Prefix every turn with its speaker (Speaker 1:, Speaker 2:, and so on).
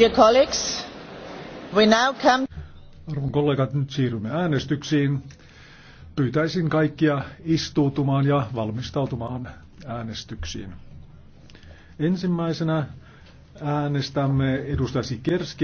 Speaker 1: Dear colleagues, we now come...
Speaker 2: Arvon kollegat, nyt siirrymme äänestyksiin. Pyytäisin kaikkia istuutumaan ja valmistautumaan äänestyksiin. Ensimmäisenä äänestämme edustaja Sikerski